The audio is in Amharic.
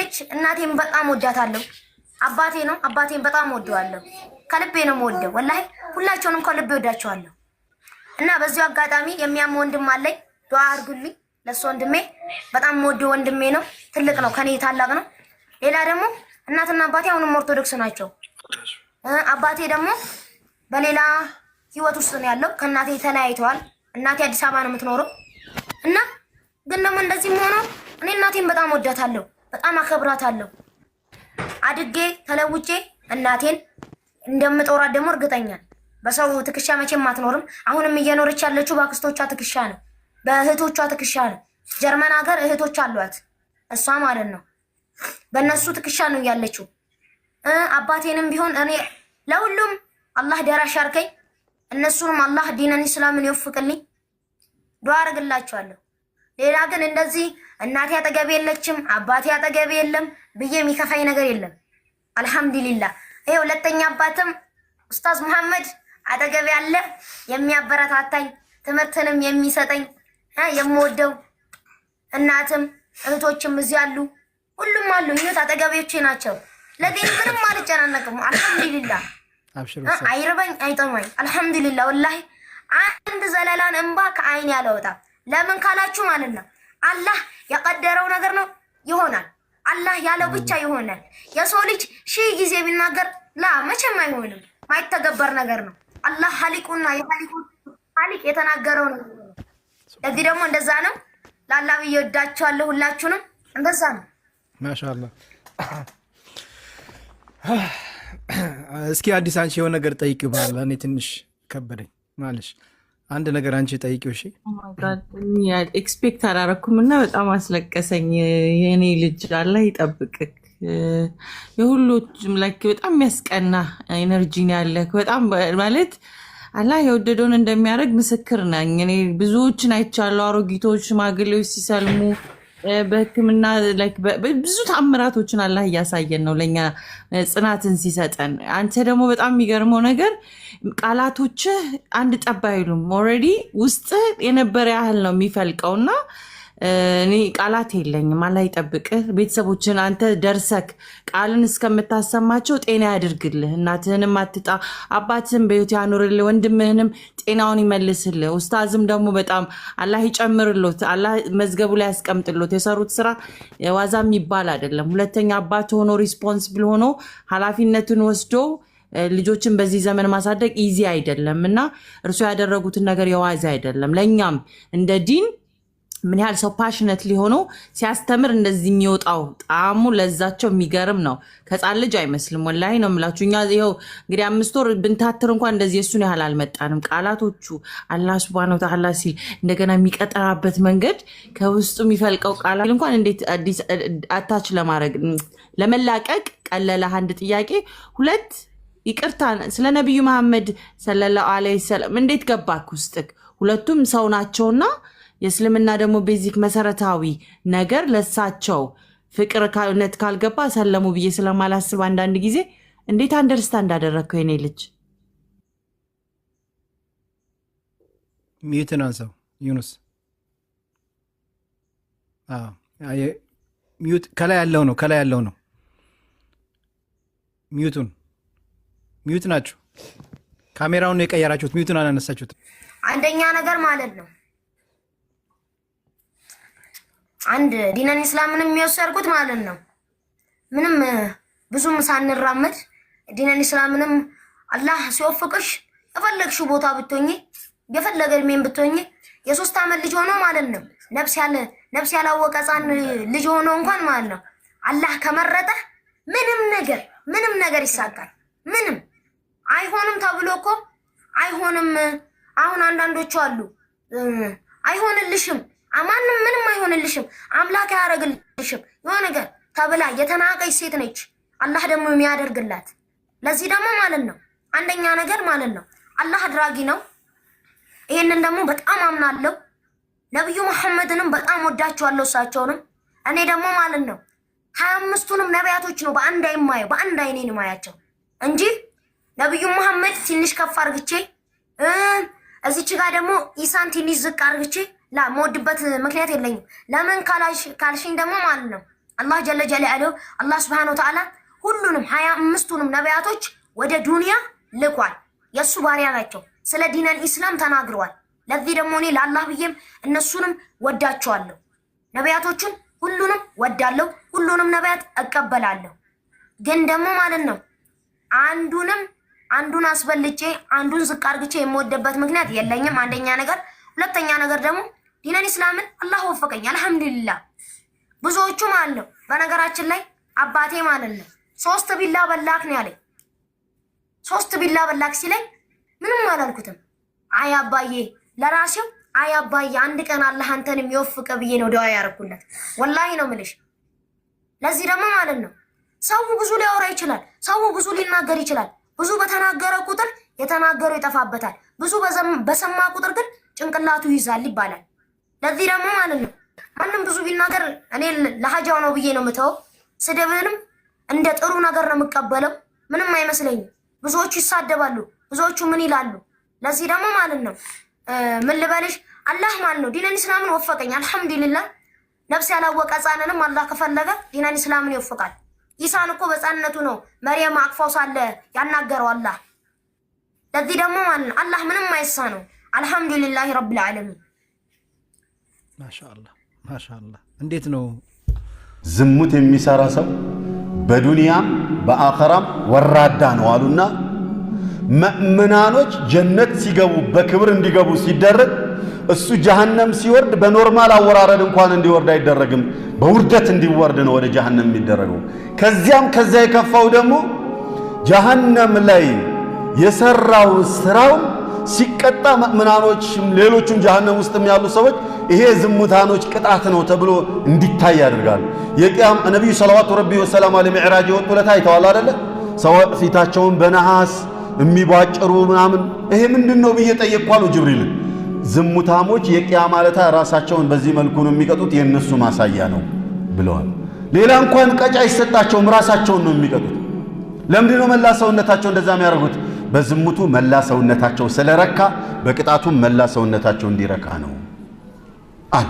ነች። እናቴም በጣም ወዳታለሁ። አባቴ ነው። አባቴን በጣም ወደዋለሁ። ከልቤ ነው የምወደው። ወላሂ ሁላቸውንም ከልቤ ወዳቸዋለሁ። እና በዚሁ አጋጣሚ የሚያም ወንድም አለኝ፣ ዱአ አድርጉልኝ ለእሱ ወንድሜ። በጣም ወደ ወንድሜ ነው። ትልቅ ነው፣ ከኔ ታላቅ ነው። ሌላ ደግሞ እናትና አባቴ አሁንም ኦርቶዶክስ ናቸው። አባቴ ደግሞ በሌላ ህይወት ውስጥ ነው ያለው። ከእናቴ ተለያይተዋል። እናቴ አዲስ አበባ ነው የምትኖረው እና ግን ደግሞ እንደዚህ ሆኖ እኔ እናቴን በጣም ወዳታለሁ። በጣም አከብራታለሁ። አድጌ ተለውጬ እናቴን እንደምጦራት ደግሞ እርግጠኛ በሰው ትከሻ መቼም አትኖርም። አሁንም እየኖረች ያለችው በአክስቶቿ ትከሻ ነው፣ በእህቶቿ ትከሻ ነው። ጀርመን ሀገር እህቶች አሏት እሷ ማለት ነው። በእነሱ ትከሻ ነው ያለችው። አባቴንም ቢሆን እኔ ለሁሉም አላህ ደራሽ አርከኝ። እነሱንም አላህ ዲነን ኢስላምን ይወፍቅልኝ። ዱዓ አርግላቸዋለሁ። ሌላ ግን እንደዚህ እናቴ አጠገብ የለችም አባቴ አጠገብ የለም ብዬ የሚከፋኝ ነገር የለም። አልሐምዱሊላ ይሄ ሁለተኛ አባትም ኡስታዝ መሐመድ አጠገብ ያለ የሚያበረታታኝ ትምህርትንም የሚሰጠኝ የምወደው እናትም እህቶችም እዚህ አሉ፣ ሁሉም አሉ። እህት አጠገቤዎቼ ናቸው። ለዲን ምንም አልጨናነቅም። አልሐምዱሊላ አይርበኝ አይጠማኝ። አልሐምዱሊላ ወላሂ አንድ ዘለላን እንባ ከአይን ያለወጣ ለምን ካላችሁ ማለት ነው አላህ የቀደረው ነገር ነው ይሆናል። አላህ ያለው ብቻ ይሆናል። የሰው ልጅ ሺህ ጊዜ ቢናገር ላ መቼም አይሆንም፣ ማይተገበር ነገር ነው። አላህ ሀሊቁና የሀሊቁ ሀሊቅ የተናገረው ነው። ለዚህ ደግሞ እንደዛ ነው። ለአላህ ብዬ ወዳችኋለሁ ሁላችሁንም። እንደዛ ነው። ማሻአላ እስኪ አዲስ አንቺ የሆነ ነገር ጠይቅ ይባላል። እኔ ትንሽ ከበደኝ ማለሽ አንድ ነገር አንቺ ጠይቂው። እሺ ኤክስፔክት oh አላረኩም እና በጣም አስለቀሰኝ። የኔ ልጅ አለ ይጠብቅ። የሁሎችም ላይክ በጣም የሚያስቀና ኤነርጂን ያለ። በጣም ማለት አላህ የወደደውን እንደሚያደርግ ምስክር ነኝ። እኔ ብዙዎችን አይቻለሁ፣ አሮጊቶች ሽማግሌዎች ሲሰልሙ በህክምና ብዙ ተአምራቶችን አላህ እያሳየን ነው፣ ለእኛ ጽናትን ሲሰጠን። አንተ ደግሞ በጣም የሚገርመው ነገር ቃላቶችህ አንድ ጠብ አይሉም። ኦልሬዲ ውስጥ የነበረ ያህል ነው የሚፈልቀውና እኔ ቃላት የለኝም። አላህ ይጠብቅህ። ቤተሰቦችን አንተ ደርሰክ ቃልን እስከምታሰማቸው ጤና ያድርግልህ። እናትህንም አትጣ፣ አባትህን በሕይወት ያኑርልህ፣ ወንድምህንም ጤናውን ይመልስልህ። ኡስታዝም ደግሞ በጣም አላህ ይጨምርሎት፣ አላህ መዝገቡ ላይ ያስቀምጥሎት። የሰሩት ስራ ዋዛ የሚባል አይደለም። ሁለተኛ አባት ሆኖ ሪስፖንስብል ሆኖ ኃላፊነቱን ወስዶ ልጆችን በዚህ ዘመን ማሳደግ ኢዚ አይደለም እና እርሱ ያደረጉትን ነገር የዋዛ አይደለም ለእኛም እንደ ዲን ምን ያህል ሰው ፓሽነት ሊሆኑ ሲያስተምር እንደዚህ የሚወጣው ጣዕሙ ለዛቸው የሚገርም ነው። ከጻን ልጅ አይመስልም። ወላሂ ነው የምላችሁ። እኛ ይኸው እንግዲህ አምስት ወር ብንታትር እንኳን እንደዚህ እሱን ያህል አልመጣንም። ቃላቶቹ አላህ ሱብሃነሁ ወተዓላ ሲል እንደገና የሚቀጠራበት መንገድ ከውስጡ የሚፈልቀው ቃላት እንኳን እንዴት አዲስ አታች ለማድረግ ለመላቀቅ ቀለለ። አንድ ጥያቄ ሁለት ይቅርታ ስለ ነቢዩ መሐመድ ሰለላሁ ዐለይሂ ወሰለም እንዴት ገባክ ውስጥክ? ሁለቱም ሰው ናቸውና የእስልምና ደግሞ ቤዚክ መሰረታዊ ነገር ለሳቸው ፍቅር እውነት ካልገባ ሰለሙ ብዬ ስለማላስብ አንዳንድ ጊዜ እንዴት አንደርስታ እንዳደረግከው የኔ ልጅ ሚዩትን አንሳው ዩኑስ ሚዩት ከላይ ያለው ነው ከላይ ያለው ነው ሚዩቱን ሚዩት ናችሁ ካሜራውን የቀየራችሁት ሚዩቱን አላነሳችሁት አንደኛ ነገር ማለት ነው አንድ ዲነን ኢስላምን የሚወሰድኩት ማለት ነው። ምንም ብዙም ሳንራመድ ዲነን ኢስላምንም አላህ ሲወፍቅሽ የፈለግሽ ቦታ ብትሆኝ የፈለገ እድሜን ብትሆኝ የሶስት አመት ልጅ ሆኖ ማለት ነው ነፍስ ያላወቀ ህፃን ልጅ ሆኖ እንኳን ማለት ነው አላህ ከመረጠ ምንም ነገር ምንም ነገር ይሳካል። ምንም አይሆንም ተብሎ እኮ አይሆንም። አሁን አንዳንዶቹ አሉ አይሆንልሽም አማን ምንም አይሆንልሽም፣ አምላክ አያደርግልሽም። የሆነ ነገር ተብላ የተናቀች ሴት ነች። አላህ ደግሞ የሚያደርግላት ለዚህ ደግሞ ማለት ነው አንደኛ ነገር ማለት ነው አላህ አድራጊ ነው። ይህንን ደግሞ በጣም አምናለሁ። ነቢዩ መሐመድንም በጣም ወዳቸዋለሁ እሳቸውንም እኔ ደግሞ ማለት ነው ሀያ አምስቱንም ነቢያቶች ነው በአንድ አይን ማየው በአንድ አይኔ ማያቸው እንጂ ነቢዩ መሐመድ ትንሽ ከፍ አርግቼ እዚች ጋር ደግሞ ኢሳን ትንሽ ዝቅ አርግቼ ላ መወድበት ምክንያት የለኝም። ለምን ካልሽኝ ደግሞ ማለት ነው አላህ ጀለ ጀላሉሁ አላህ ስብሐነሁ ወተዓላ ሁሉንም ሀያ አምስቱንም ነቢያቶች ወደ ዱንያ ልኳል። የእሱ ባሪያ ናቸው። ስለ ዲነል ኢስላም ተናግረዋል። ለዚህ ደግሞ እኔ ለአላህ ብዬም እነሱንም ወዳቸዋለሁ። ነቢያቶቹን ሁሉንም ወዳለሁ፣ ሁሉንም ነቢያት እቀበላለሁ። ግን ደግሞ ማለት ነው አንዱንም አንዱን አስበልጬ አንዱን ዝቅ አርግቼ የምወደበት ምክንያት የለኝም። አንደኛ ነገር ሁለተኛ ነገር ደግሞ ዲነን እስላምን አላህ ወፈቀኝ። አልሐምዱሊላ። ብዙዎቹ ማለት ነው። በነገራችን ላይ አባቴ ማለት ነው ሶስት ቢላ በላክ ነው ያለኝ። ሶስት ቢላ በላክ ሲለኝ ምንም አላልኩትም። አይ አባዬ ለራሴው አይ አባዬ አንድ ቀን አላህ አንተን የሚወፍቀ ብዬ ነው ደዋ ያደረኩለት። ወላሂ ነው ምልሽ። ለዚህ ደግሞ ማለት ነው ሰው ብዙ ሊያወራ ይችላል። ሰው ብዙ ሊናገር ይችላል። ብዙ በተናገረ ቁጥር የተናገረው ይጠፋበታል። ብዙ በሰማ ቁጥር ግን ጭንቅላቱ ይይዛል ይባላል። ለዚህ ደግሞ ማለት ነው ማንም ብዙ ቢናገር እኔ ለሀጃው ነው ብዬ ነው ምተው ስድብንም እንደ ጥሩ ነገር ነው የምቀበለው። ምንም አይመስለኝም። ብዙዎቹ ይሳደባሉ፣ ብዙዎቹ ምን ይላሉ። ለዚህ ደግሞ ማለት ነው ምን ልበልሽ፣ አላህ ማለት ነው ዲነን ስላምን ወፈቀኝ። አልሐምዱሊላህ ነፍስ ያላወቀ ህፃንንም አላህ ከፈለገ ዲነን ኢስላምን ይወፍቃል። ኢሳን እኮ በህፃንነቱ ነው መርየም አቅፋው ሳለ ያናገረው አላህ። ለዚህ ደግሞ ማለት ነው አላህ ምንም አይሳ ነው። አልሐምዱሊላህ ረብል ዓለሚን ማሻላ ማሻላ። እንዴት ነው ዝሙት የሚሰራ ሰው በዱንያም በአኸራም ወራዳ ነው አሉና መእምናኖች ጀነት ሲገቡ በክብር እንዲገቡ ሲደረግ እሱ ጀሃነም ሲወርድ በኖርማል አወራረድ እንኳን እንዲወርድ አይደረግም። በውርደት እንዲወርድ ነው ወደ ጀሃነም የሚደረገው። ከዚያም ከዚያ የከፋው ደግሞ ጀሃነም ላይ የሰራው ስራውም። ሲቀጣ ምእምናኖች ሌሎቹም ጀሃነም ውስጥም ያሉ ሰዎች ይሄ ዝሙታኖች ቅጣት ነው ተብሎ እንዲታይ ያደርጋሉ። የቅያም ነቢዩ ሰለዋቱ ረቢ ወሰላም አለ ሚዕራጅ የወጡ ዕለት አይተዋል አደለ? ሰው ፊታቸውን በነሐስ የሚቧጭሩ ምናምን ይሄ ምንድን ነው ብዬ ጠየቅኳሉ ጅብሪልን። ዝሙታሞች የቂያ ማለታ ራሳቸውን በዚህ መልኩ ነው የሚቀጡት፣ የእነሱ ማሳያ ነው ብለዋል። ሌላ እንኳን ቀጫ አይሰጣቸውም፣ ራሳቸውን ነው የሚቀጡት። ለምንድን ነው መላ ሰውነታቸው እንደዛ የሚያደርጉት? በዝሙቱ መላ ሰውነታቸው ስለረካ በቅጣቱም መላ ሰውነታቸው እንዲረካ ነው አል